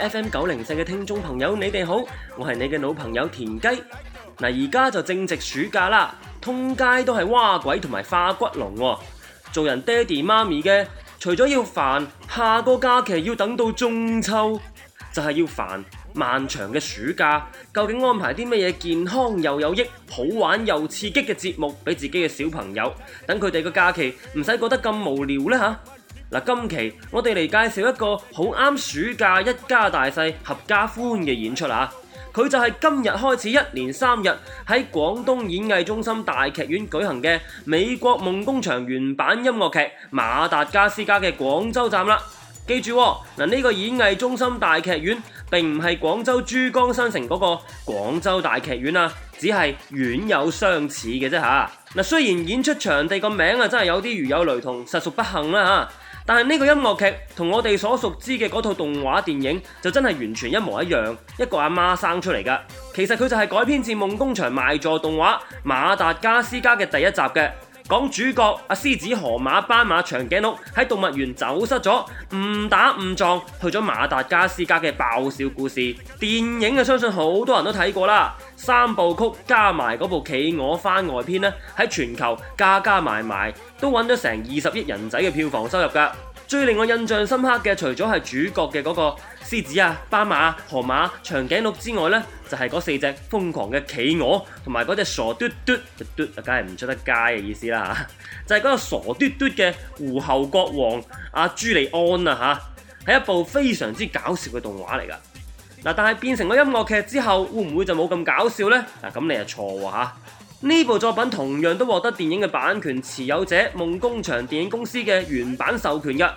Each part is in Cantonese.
F.M. 九零四嘅聽眾朋友，你哋好，我係你嘅老朋友田雞。嗱，而家就正值暑假啦，通街都係蛙鬼同埋化骨龍。做人爹哋媽咪嘅，除咗要煩，下個假期要等到中秋，就係要煩漫長嘅暑假。究竟安排啲乜嘢健康又有益、好玩又刺激嘅節目俾自己嘅小朋友，等佢哋個假期唔使覺得咁無聊呢？吓？今期我哋嚟介紹一個好啱暑假一家大細合家歡嘅演出啦！佢就係今日開始一連三日喺廣東演藝中心大劇院舉行嘅美國夢工場原版音樂劇《馬達加斯加》嘅廣州站啦。記住喎、哦，嗱、這、呢個演藝中心大劇院並唔係廣州珠江新城嗰、那個廣州大劇院啊，只係遠有相似嘅啫嚇。嗱，雖然演出場地個名啊真係有啲如有雷同，實屬不幸啦、啊。但係呢個音樂劇同我哋所熟知嘅嗰套動畫電影就真係完全一模一樣，一個阿媽生出嚟噶。其實佢就係改編自夢工場賣座動畫《馬達加斯加》嘅第一集嘅，講主角阿獅子、河馬、斑馬、長頸鹿喺動物園走失咗，誤打誤撞去咗馬達加斯加嘅爆笑故事。電影啊，相信好多人都睇過啦。三部曲加埋嗰部企鵝番外篇呢，喺全球加加埋埋都搵咗成二十億人仔嘅票房收入噶。最令我印象深刻嘅，除咗係主角嘅嗰個獅子啊、斑馬、啊、河馬、啊、長頸鹿之外呢，就係、是、嗰四隻瘋狂嘅企鵝，同埋嗰隻傻嘟嘟，嘟啊，梗係唔出得街嘅意思啦吓， 就係嗰個傻嘟嘟嘅狐猴國王阿、啊、朱利安啊吓，係、啊、一部非常之搞笑嘅動畫嚟噶。嗱、啊，但係變成個音樂劇之後，會唔會就冇咁搞笑呢？嗱、啊，咁你又錯喎吓。啊呢部作品同樣都獲得電影嘅版權持有者夢工場電影公司嘅原版授權㗎，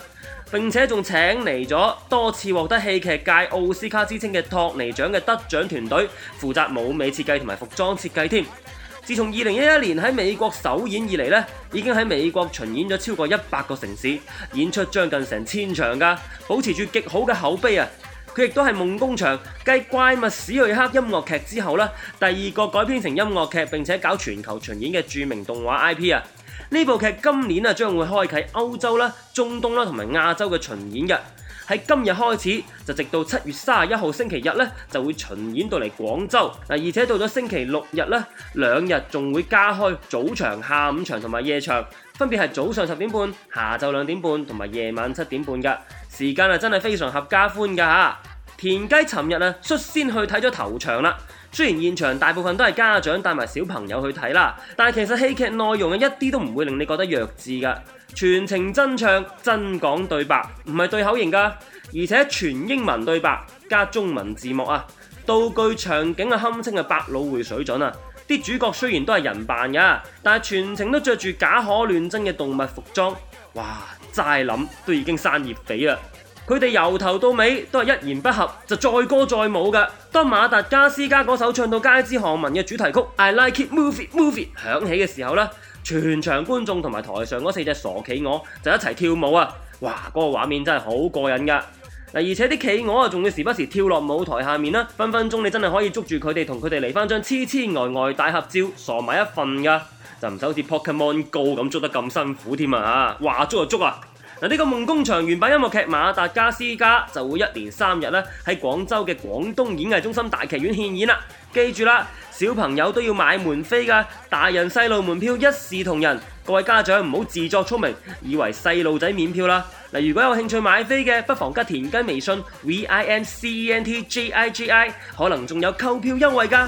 並且仲請嚟咗多次獲得戲劇界奧斯卡之稱嘅托尼獎嘅得獎團隊負責舞美設計同埋服裝設計添。自從二零一一年喺美國首演以嚟呢已經喺美國巡演咗超過一百個城市，演出將近成千場噶，保持住極好嘅口碑啊！佢亦都係《夢工場》繼《怪物史瑞克》音樂劇之後咧，第二個改編成音樂劇並且搞全球巡演嘅著名動畫 IP 啊！呢部劇今年啊，將會開啟歐洲啦、中東啦同埋亞洲嘅巡演嘅，喺今日開始就直到七月三十一號星期日就會巡演到嚟廣州，而且到咗星期六日咧，兩日仲會加開早場、下午場同埋夜場，分別係早上十點半、下晝兩點半同埋夜晚七點半嘅時間啊，真係非常合家歡噶吓。田雞，尋日啊率先去睇咗頭場啦。雖然現場大部分都係家長帶埋小朋友去睇啦，但其實戲劇內容一啲都唔會令你覺得弱智㗎，全程真唱真講對白，唔係對口型㗎，而且全英文對白加中文字幕啊，道具場景啊堪稱係百老匯水準啊，啲主角雖然都係人扮㗎，但係全程都穿著住假可亂真嘅動物服裝，哇！齋諗都已經生熱痱啦～佢哋由頭到尾都係一言不合就載歌載舞嘅。當馬達加斯加嗰首唱到《街知巷聞》嘅主題曲 I Like It Move It Move It 響起嘅時候啦，全場觀眾同埋台上嗰四隻傻企鵝就一齊跳舞啊！哇，嗰個畫面真係好過癮噶。而且啲企鵝啊，仲要時不時跳落舞台下面啦，分分鐘你真係可以捉住佢哋，同佢哋嚟翻張痴痴呆呆大合照，傻埋一份噶。就唔好似 Pokemon Go 咁捉得咁辛苦添啊！話捉就捉啊！呢個夢工場原版音樂劇《馬達加斯加》就會一連三日咧喺廣州嘅廣東演藝中心大劇院獻演啦。記住啦，小朋友都要買門飛㗎，大人細路門票一視同仁。各位家長唔好自作聰明，以為細路仔免票啦。嗱，如果有興趣買飛嘅，不妨加田雞微信 v i n c e n t G i g i，可能仲有購票優惠㗎。